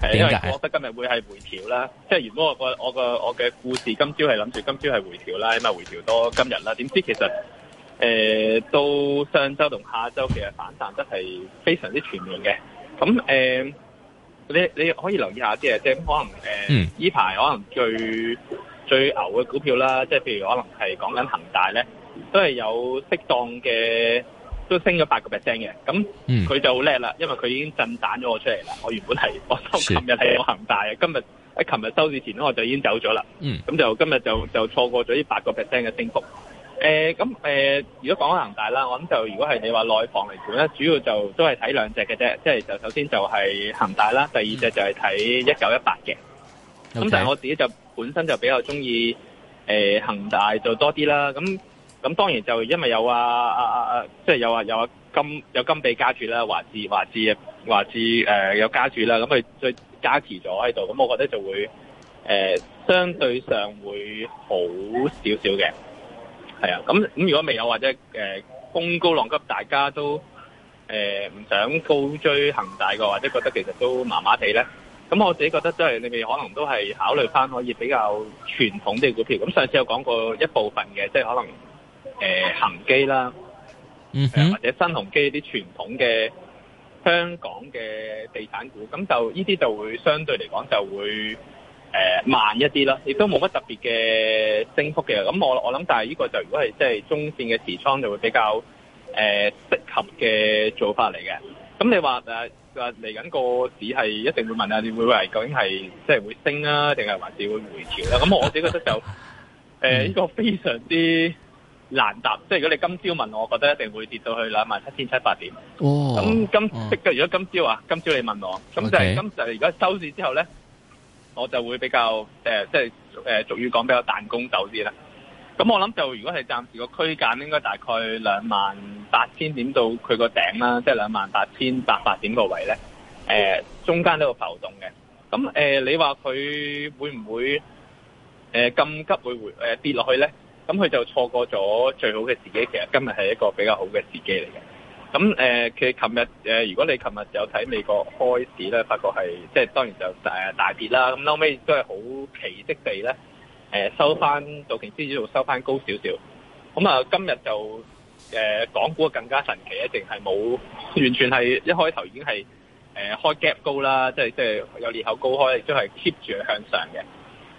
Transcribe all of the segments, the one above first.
係，因為我覺得今日會係回調啦，即係如果我個我個我嘅故事，今朝係諗住今朝係回調啦，咁啊回調多今日啦。點知其實誒、呃，到上周同下周其實反彈得係非常之全面嘅。咁誒、呃，你你可以留意下啲嘢，即係可能誒，呢、呃、排、嗯、可能最最牛嘅股票啦，即係譬如可能係講緊恒大咧，都係有適當嘅。都升咗八個 percent 嘅，咁佢就好叻啦，因為佢已經震彈咗我出嚟啦。我原本係我收，琴日係有恒大嘅，今日喺琴日收市前咧我就已經走咗啦。咁、嗯、就今日就就錯過咗呢八個 percent 嘅升幅。誒、呃、咁、呃、如果講緊恒大啦，我諗就如果係你話內房嚟講咧，主要就都係睇兩隻嘅啫，即係就首先就係恒大啦、嗯，第二隻就係睇一九一八嘅。咁但係我自己就本身就比較中意誒恒大就多啲啦。咁。咁當然就因為有啊啊啊啊，即、啊、係、啊就是、有話、啊有、啊、有金有金幣加住啦，華智華智華智誒有加住啦，咁佢再加持咗喺度，咁我覺得就會誒、呃、相對上會好少少嘅，係啊，咁咁如果未有或者誒風、呃、高浪急，大家都誒唔、呃、想高追恒大個，或者覺得其實都麻麻地咧，咁我自己覺得即係你哋可能都係考慮翻可以比較傳統啲股票，咁上次有講過一部分嘅，即、就、係、是、可能。誒恆基啦，嗯哼，或者新鴻基啲傳統嘅香港嘅地產股，咁就呢啲就會相對嚟講就會誒慢一啲啦，亦都冇乜特別嘅升幅嘅。咁我我諗，但係呢個就如果係即係中線嘅持倉，就會比較誒適合嘅做法嚟嘅。咁你話誒嚟緊個市係一定會問下？你會唔會係究竟係即係會升啊，定係還是會回調咧？咁我自己覺得就誒呢個非常之難答，即係如果你今朝問我，我覺得一定會跌到去兩萬七千七百點。哦，咁今即如果今朝啊，哦，今朝你問我，咁、okay. 就係今就如果收市之後咧，我就會比較誒，即係誒俗語講比較彈弓走啲啦。咁我諗就如果係暫時個區間，應該大概兩萬八千點到佢個頂啦，即係兩萬八千八百點個位咧。誒、呃，中間都有浮動嘅。咁誒、呃，你話佢會唔會誒咁、呃、急會回誒、呃、跌落去咧？咁佢就錯過咗最好嘅時機，其實今日係一個比較好嘅時機嚟嘅。咁、呃、其實琴日如果你琴日有睇美國開市咧，發覺係即係當然就大，大跌啦。咁後尾都係好奇跡地咧、呃，收翻道瓊斯指數收翻高少少。咁啊、呃，今日就誒、呃、港股更加神奇，一定係冇完全係一開頭已經係誒、呃、開 gap 高啦，即係即係有裂口高開，亦都係 keep 住向上嘅。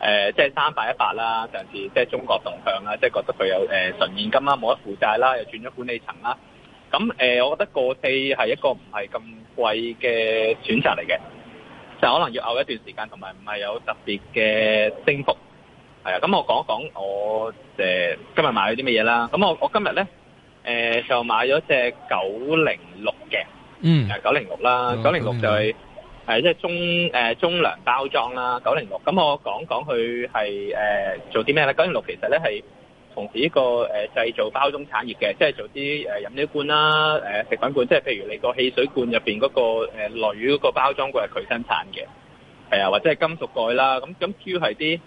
誒，即係三八一八啦，上次即係中國動向啦，即係覺得佢有誒純現金啦，冇得負債啦，又轉咗管理層啦，咁誒，我覺得過飛係一個唔係咁貴嘅選擇嚟嘅，就可能要熬一段時間，同埋唔係有特別嘅升幅。係啊，咁我講一講我誒今日買咗啲乜嘢啦。咁我我今日咧誒就買咗隻九零六嘅，嗯，九零六啦，九零六就係。誒即係中誒中糧包裝啦，九零六。咁我講講佢係誒做啲咩咧？九零六其實咧係從事一個誒製造包裝產業嘅，即係做啲誒飲料罐啦、誒食品罐，即係譬如你個汽水罐入邊嗰個誒鋁嗰個包裝罐係佢生產嘅，係啊，或者係金屬蓋啦。咁咁主要係啲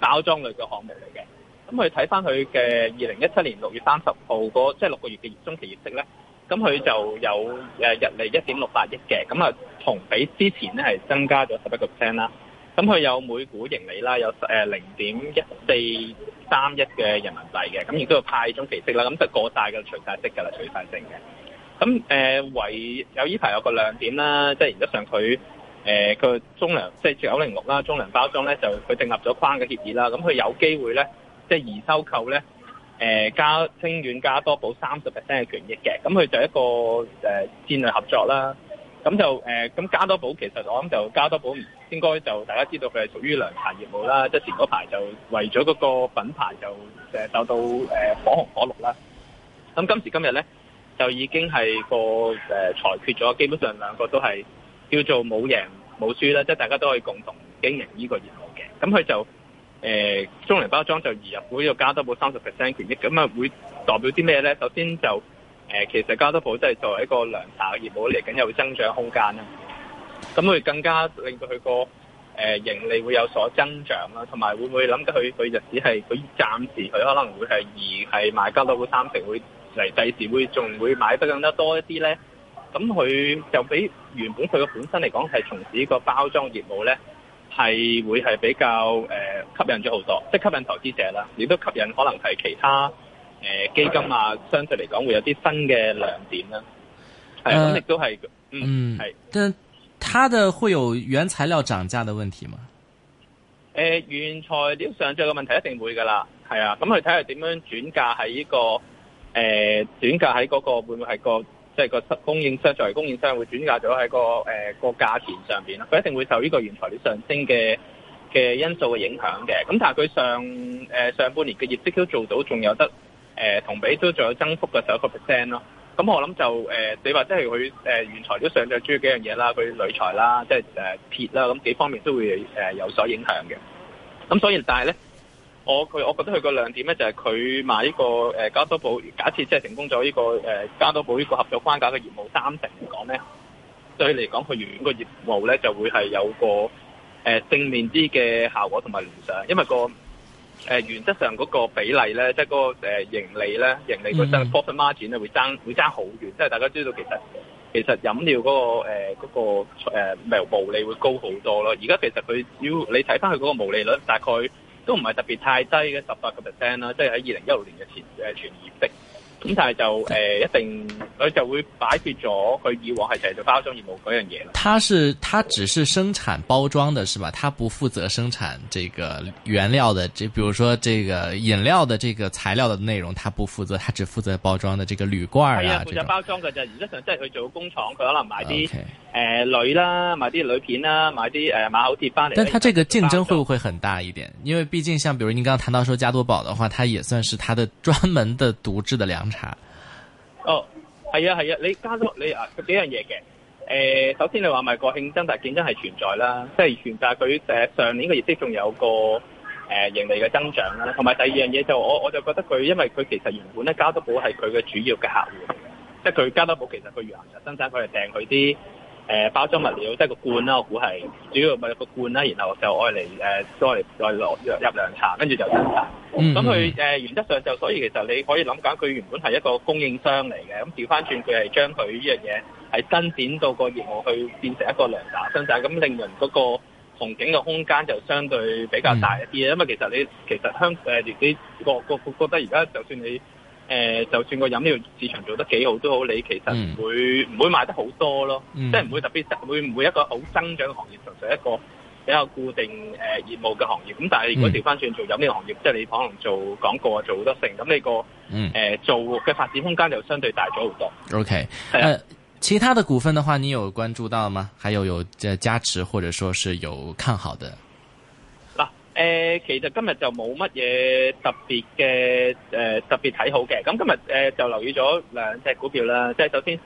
包裝類嘅項目嚟嘅。咁佢睇翻佢嘅二零一七年六月三十號嗰即係六個月嘅中期業績咧，咁佢就有誒溢利一點六八億嘅，咁啊。同比之前咧係增加咗十一個 percent 啦，咁佢有每股盈利啦，有誒零點一四三一嘅人民幣嘅，咁亦都係派中期息啦，咁就過晒嘅，除曬息嘅啦，除曬息嘅。咁誒，唯、呃、有依排有個亮點啦，即、就、係、是、原則上佢誒個中糧即係九零六啦，中糧包裝咧就佢訂立咗框嘅協議啦，咁佢有機會咧即係二收購咧誒、呃，加清遠加多寶三十 percent 嘅權益嘅，咁佢就一個誒、呃、戰略合作啦。咁就誒，咁、呃、加多寶其實我諗就加多寶應該就大家知道佢係屬於涼茶業務啦，即前嗰排就為咗嗰個品牌就走受到、呃、火紅火綠啦。咁今時今日咧，就已經係個誒、呃、裁決咗，基本上兩個都係叫做冇贏冇輸啦，即大家都可以共同經營呢個業務嘅。咁佢就誒、呃、中糧包裝就移入會呢個加多寶三十 percent 權益，咁啊會代表啲咩咧？首先就誒，其實加多寶真係作為一個涼茶嘅業務嚟緊，來有增長空間啦。咁會更加令到佢個誒盈利會有所增長啦。同埋會唔會諗到佢佢就只係佢暫時佢可能會係二，係買加多寶三成，會嚟第時會仲會買得更加多一啲咧？咁佢就比原本佢個本身嚟講係從事呢個包裝業務咧，係會係比較誒、呃、吸引咗好多，即係吸引投資者啦。亦都吸引可能係其他。誒，基金啊，相對嚟講會有啲新嘅亮點啦。係、呃，咁亦都係，嗯，係。但係它嘅會有原材料漲價嘅問題嗎？誒，原材料上漲嘅問題一定會噶啦。係啊，咁佢睇下點樣轉嫁喺呢個，誒、呃，轉嫁喺嗰個會唔會係、那個即係、就是、個供應商作為供應商會轉嫁咗喺個誒、呃、個價錢上邊啦。佢一定會受呢個原材料上升嘅嘅因素嘅影響嘅。咁但係佢上誒、呃、上半年嘅業績都做到，仲有得。誒、呃、同比都仲有增幅嘅，啊嗯、就一個 percent 咯。咁我諗就誒，你話即係佢誒原材料上就主要幾樣嘢啦，佢鋁材啦，即、就、係、是呃、鐵啦，咁、嗯、幾方面都會、呃、有所影響嘅。咁、嗯、所以但係咧，我佢我覺得佢個亮點咧，就係、是、佢買、這個誒、呃、加多寶，假設即係成功咗呢、這個誒、呃、加多寶呢個合作關卡嘅業務三成嚟講咧，對佢嚟講佢原本個業務咧就會係有個誒、呃、正面啲嘅效果同埋聯想，因為個。誒、呃、原則上嗰個比例咧，即係嗰個盈利咧，mm -hmm. 盈利嗰陣 profit margin 咧會爭會爭好遠，即、就、係、是、大家知道其實其實飲料嗰、那個誒嗰、呃那個毛、呃、利會高好多咯。而家其實佢只要你睇翻佢嗰個毛利率，大概都唔係特別太低嘅十八個 percent 啦，即係喺二零一六年嘅前誒全業績。咁但係就誒、呃、一定佢就會擺脫咗佢以往係其實做包裝業務樣嘢啦。它是，它只是生產包裝的，是吧？它不負責生產這個原料的，這，比如說這個飲料的這個材料的內容，它不負責，它只負責包裝的這個鋁罐啦、啊。啊，負責包裝嘅就，原則上即係佢做工廠，佢可能買啲誒鋁啦，買啲鋁片啦，買啲誒馬口鐵翻嚟。但係佢這個競爭會不會很大一點，因為畢竟像比如你剛剛，剛談到說加多寶的話，它也算是它的專門的獨製的涼。哦，係啊，係啊，你加多你啊，有幾樣嘢嘅。誒、呃，首先你話咪個競爭，但係競爭係存在啦，即係存在佢誒上年嘅業績仲有個誒、呃、盈利嘅增長啦，同埋第二樣嘢就我我就覺得佢因為佢其實原本咧加多寶係佢嘅主要嘅客戶，即係佢加多寶其實佢原行就生產佢係訂佢啲。誒包裝物料即係、就是、個罐啦，我估係主要咪個罐啦，然後就愛嚟誒，再再落入涼茶，跟住就飲茶。咁佢誒原則上就是，所以其實你可以諗緊，佢原本係一個供應商嚟嘅。咁調翻轉佢係將佢呢樣嘢係伸展到個業務去變成一個涼茶生產商，咁令人嗰個前景嘅空間就相對比較大一啲、嗯、因為其實你其實香誒自己個個覺得而家就算你。誒、呃，就算個飲料市場做得幾好都好，你其實唔會唔、嗯、會賣得好多咯，嗯、即係唔會特別，會唔會一個好增長嘅行業，就係一個比較固定、呃、業務嘅行業。咁但係如果調翻轉做飲料行業，即係你可能做廣告啊，做得成，咁你個、嗯呃、做嘅發展空間就相對大咗好多。OK，誒、啊呃，其他的股份的話，你有關注到嗎？還有有加持，或者說是有看好的？其實今日就冇乜嘢特別嘅、呃、特別睇好嘅，咁今日、呃、就留意咗兩隻股票啦，即係首先、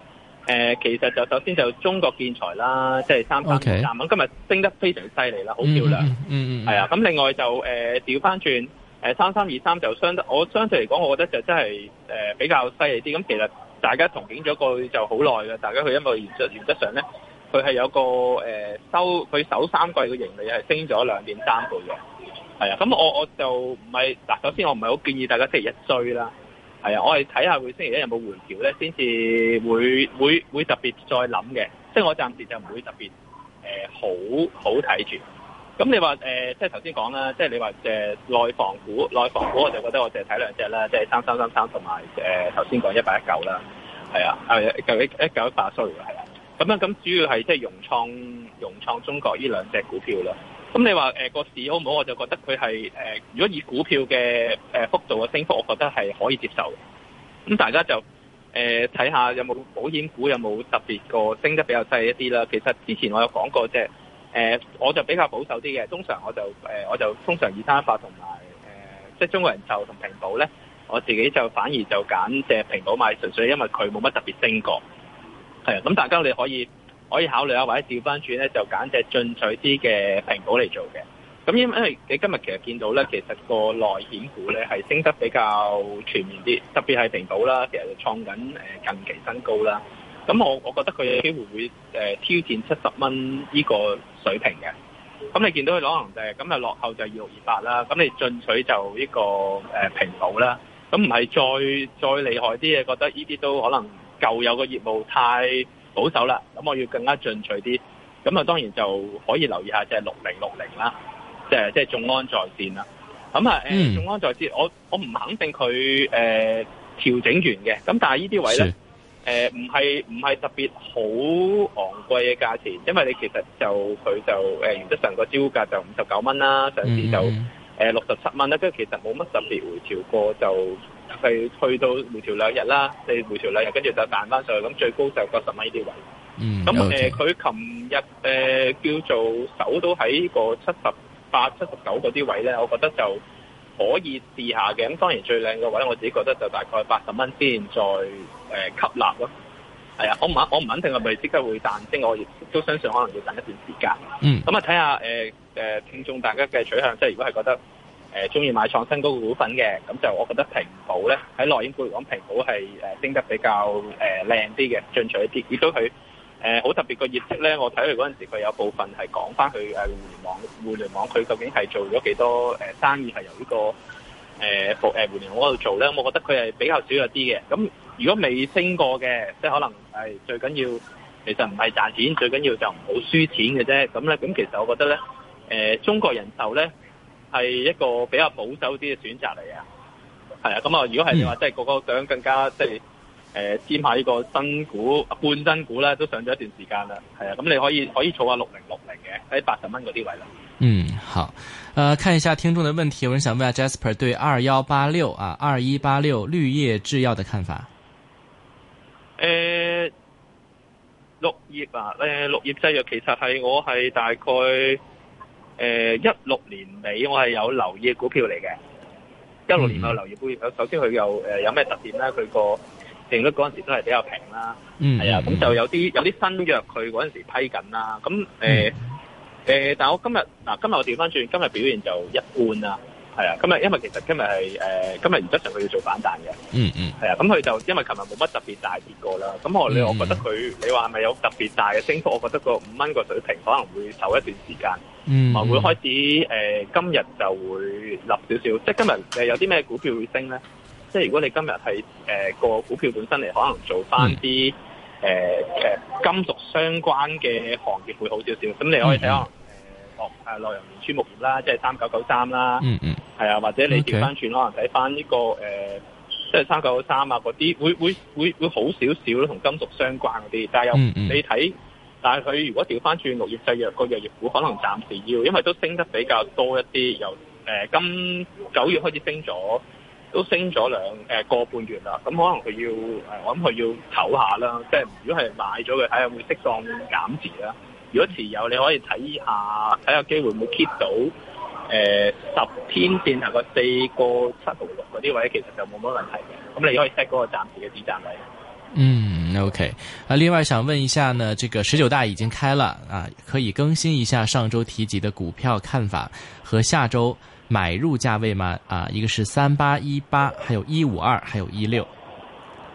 呃、其實就首先就中國建材啦，即係三三二三，咁今日升得非常犀利啦，好漂亮，嗯、mm、嗯 -hmm. mm -hmm.，係啊，咁另外就誒調返轉誒三三二三就相得，我相對嚟講，我覺得就真係誒比較犀利啲，咁其實大家憧憬咗過去就好耐嘅，大家佢因為原則原則上咧，佢係有個誒、呃、收佢首三季嘅盈利係升咗兩點三倍嘅。係啊，咁我我就唔係嗱，首先我唔係好建議大家星期一追啦。係啊，我係睇下會星期一有冇回調咧，先至會會會特別再諗嘅。即、就、係、是、我暫時就唔會特別誒、呃、好好睇住。咁你話即係頭先講啦，即、呃、係、就是就是、你話誒內房股內房股，內房股我就覺得我淨係睇兩隻啦，即係三三三三同埋誒頭先講一八一九啦。係、呃、啊，係一九一九一八收嘅係啊。咁啊，咁主要係即係融創融創中國呢兩隻股票啦。咁你話、呃，個市好唔好？我就覺得佢係、呃、如果以股票嘅呃、幅度嘅升幅，我覺得係可以接受。咁大家就呃、睇下有冇保險股有冇特別個升得比較細一啲啦。其實之前我有講過，即係、呃、我就比較保守啲嘅。通常我就、呃、我就通常二三法同埋即係中國人壽同平保咧，我自己就反而就揀隻平保買，純粹因為佢冇乜特別升過。係啊，咁大家你可以。可以考慮啊，或者調翻轉咧，就揀隻進取啲嘅平保嚟做嘅。咁因因為你今日其實見到咧，其實個內險股咧係升得比較全面啲，特別係平保啦，其實就創緊近期新高啦。咁我我覺得佢有機會會挑戰七十蚊呢個水平嘅。咁你見到佢攞能就咁咪落後就二六二八啦。咁你進取就呢個平保啦。咁唔係再再厲害啲嘅，覺得呢啲都可能舊有個業務太。保守啦，咁我要更加進取啲，咁啊當然就可以留意下即係六零六零啦，即係即係眾安在線啦。咁啊眾安在線，我我唔肯定佢誒、呃、調整完嘅，咁但係呢啲位咧誒唔係唔係特別好昂貴嘅價錢，因為你其實就佢就、呃、原則上個招價就五十九蚊啦，上次就誒六十七蚊啦，即、嗯、係、呃、其實冇乜特別回調過就。係去到回調兩日啦，你回調兩日，跟住就彈翻上去，咁最高就九十蚊呢啲位。嗯，咁誒，佢琴日誒叫做守都喺個七十八、七十九嗰啲位咧，我覺得就可以試下嘅。咁當然最靚嘅位，我自己覺得就大概八十蚊先，再誒吸納咯。係啊，我唔我唔肯定係咪即刻會彈升，我亦都相信可能要等一段時間。嗯，咁啊睇下誒誒聽眾大家嘅取向，即係如果係覺得。誒中意買創新嗰個股份嘅，咁就我覺得平保咧喺內應股嚟講，平保係誒升得比較誒靚啲嘅進取一啲。如果佢誒好特別個業績咧，我睇佢嗰陣時佢有部分係講翻佢誒互聯網，互聯網佢究竟係做咗幾多誒生意係由、這個呃、呢個誒服互聯網嗰度做咧。我覺得佢係比較少一啲嘅。咁如果未升過嘅，即係可能係最緊要其實唔係賺錢，最緊要就唔好輸錢嘅啫。咁咧，咁其實我覺得咧，誒、呃、中國人壽咧。係一個比較保守啲嘅選擇嚟嘅。係啊，咁啊，如果係你話即係、嗯、個個想更加即係誒，簽、呃、下呢個新股、半新股咧，都上咗一段時間啦，係啊，咁你可以可以儲下六零六零嘅喺八十蚊嗰啲位咯。嗯，好，誒、呃，看一下聽眾嘅問題，我想問下 Jasper 對二幺八六啊，二一八六綠葉製藥嘅看法。誒、呃，綠葉啊，誒、呃，綠葉製藥其實係我係大概。誒，一六年尾我係有留意股票嚟嘅，一六年我留意股票。首先佢又誒有咩特點咧？佢個定率嗰陣時都係比較平啦，嗯，係啊。咁就有啲有啲新藥，佢嗰陣時批緊啦。咁誒誒，但係我今日嗱，今日我調翻轉，今日表現就一般啦。係啊，今日因為其實今日係誒今日原則上佢要做反彈嘅，嗯嗯，係啊。咁佢就因為琴日冇乜特別大跌過啦。咁我你我覺得佢你話係咪有特別大嘅升幅？我覺得個五蚊個水平可能會受一段時間。嗯，咪會開始誒、呃，今日就會立少少，即係今日、呃、有啲咩股票會升咧？即係如果你今日係誒個股票本身嚟，可能做翻啲誒金屬相關嘅行業會好少少。咁你可以睇下誒，洛陽鉬業啦，即係三九九三啦，嗯嗯，係啊，或者你調翻轉可能睇翻呢個誒，即係三九九三啊嗰啲，會會會會好少少同金屬相關嗰啲，但係又、嗯嗯、你睇。但係佢如果調翻轉綠葉製藥個藥業股，可能暫時要，因為都升得比較多一啲，由誒、呃、今九月開始升咗，都升咗兩個、呃、半月啦。咁、嗯、可能佢要，呃、我諗佢要唞下啦。即係如果係買咗嘅，睇、哎、下會適當減持啦。如果持有，你可以睇下睇下機會會唔會 keep 到誒十、呃、天線係個四個七毫六嗰啲位，其實就冇乜問題。咁你可以 set 嗰個暫時嘅止賺位。O.K. 啊，另外想問一下呢，這個十九大已經開了啊，可以更新一下上周提及的股票看法和下周買入價位嗎？啊，一個是三八一八，還有一五二，還有一六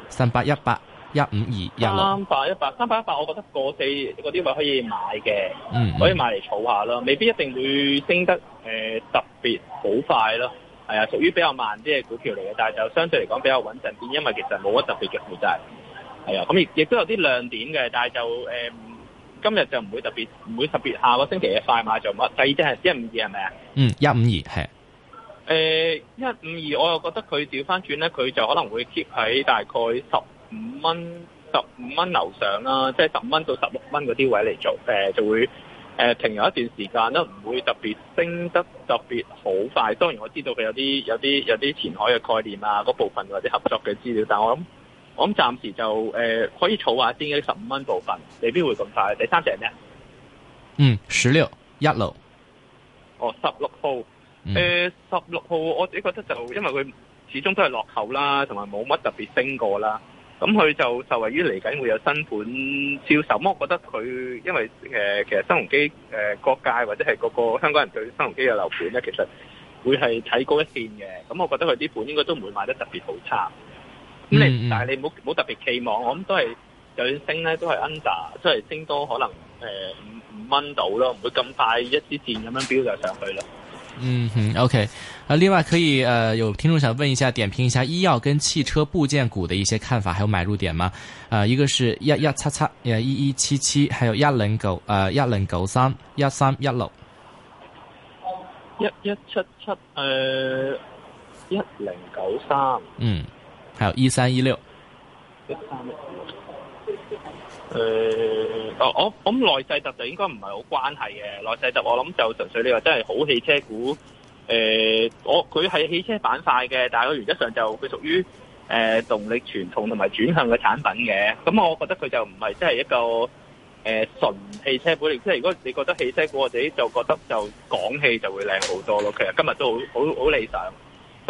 三八一八一五二一六三八一八三八一八，300, 300, 300, 我覺得個四嗰啲咪可以買嘅，mm -hmm. 可以買嚟儲下咯，未必一定會升得、呃、特別好快咯，係啊，屬於比較慢啲嘅股票嚟嘅，但係就相對嚟講比較穩陣啲，因為其實冇乜特別嘅負債。就是係啊，咁亦亦都有啲亮點嘅，但係就、呃、今日就唔會特別，唔會特別下個星期嘅快買做乜。第二隻係一五二係咪啊？嗯，一五二係。誒一五二，152, 我又覺得佢調翻轉咧，佢就可能會 keep 喺大概十五蚊、十五蚊樓上啦、啊，即係十蚊到十六蚊嗰啲位嚟做、呃，就會停留一段時間都唔會特別升得特別好快。當然我知道佢有啲有啲有啲填海嘅概念啊，嗰部分或者合作嘅資料，但我諗。我諗暫時就誒、呃、可以儲下先嘅十五蚊部分，未必會咁快。第三隻咩？嗯，十六，一路。哦，十六號，誒、嗯，十、呃、六號，我自己覺得就因為佢始終都係落後啦，同埋冇乜特別升過啦。咁、嗯、佢、嗯嗯嗯、就受惠於嚟緊會有新盤銷售。咁我覺得佢因為誒、呃、其實新鴻基誒各界或者係各個香港人對新鴻基嘅樓盤咧，其實會係睇高一線嘅。咁、嗯、我覺得佢啲盤應該都唔會賣得特別好差。咁、嗯嗯、你但係你唔好特別期望，我諗都係，就是、升咧都係 under，都係升多可能誒五五蚊到咯，唔、呃、會咁快一支箭咁樣飆就上去咯。嗯哼、嗯、OK，啊，另外可以誒、呃，有聽眾想問一下，點評一下醫藥跟汽車部件股的一些看法，還有買入點嗎？啊、呃，一個是一一七七，誒，一一七七，還有一零九，誒，一零九三，一三一六，一一七七，誒，一零九三，嗯。還有一三一六，誒、呃，哦，我我咁耐世特就應該唔係好關係嘅，耐世特我諗就純粹你話真係好汽車股，誒、呃，我佢係汽車板塊嘅，但係佢原則上就佢屬於誒動力、傳動同埋轉向嘅產品嘅，咁、嗯、我覺得佢就唔係真係一個誒純、呃、汽車股嚟。即係如果你覺得汽車股我哋就覺得就廣汽就會靚好多咯，其實今日都好好好理想。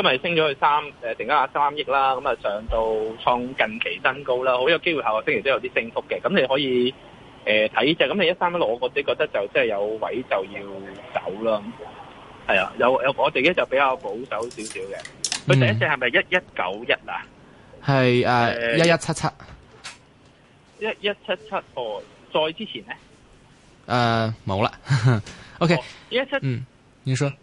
今日升咗去三、呃，誒，成家三億啦，咁、嗯、啊上到創近期新高啦，好有機會下個星期都有啲升幅嘅。咁、嗯、你可以誒睇、呃、就咁、是嗯，你一三一六，我自己覺得就真係有位就要走啦。係啊，有有，我自己就比較保守少少嘅。佢第一隻係咪一一九一啊？係誒一一七七，一一七七哦。再之前呢？誒冇啦。O K，一一七嗯，你說。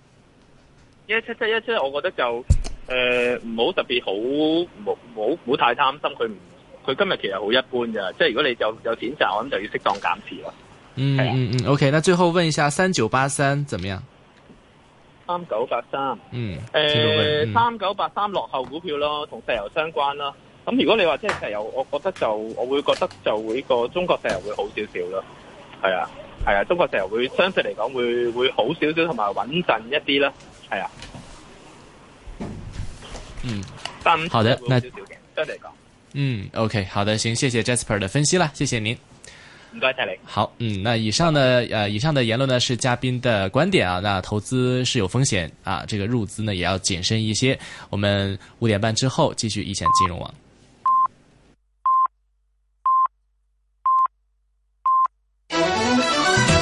一七七一七，我覺得就誒唔好特別好，唔好唔好太貪心。佢唔佢今日其實好一般嘅，即係如果你有有錢賺我諗就要適當減持啦。嗯、啊、嗯嗯，OK。那最後問一下三九八三怎麼樣？三九八三，嗯，誒，三九八三落後股票咯，同石油相關啦。咁、嗯嗯、如果你話即係石油，我覺得就我會覺得就，我會覺得就會個中國石油會好少少咯。係啊係啊，中國石油會相對嚟講會會好少少同埋穩陣一啲啦。係、嗯、啊，嗯，三好的那，嗯，OK，好的，行，謝謝 Jasper 的分析了，謝謝您。多謝你。好，嗯，那以上的呃以上的言論呢是嘉賓的觀點啊，那投資是有風險啊，這個入資呢也要謹慎一些。我們五點半之後繼續一線金融網。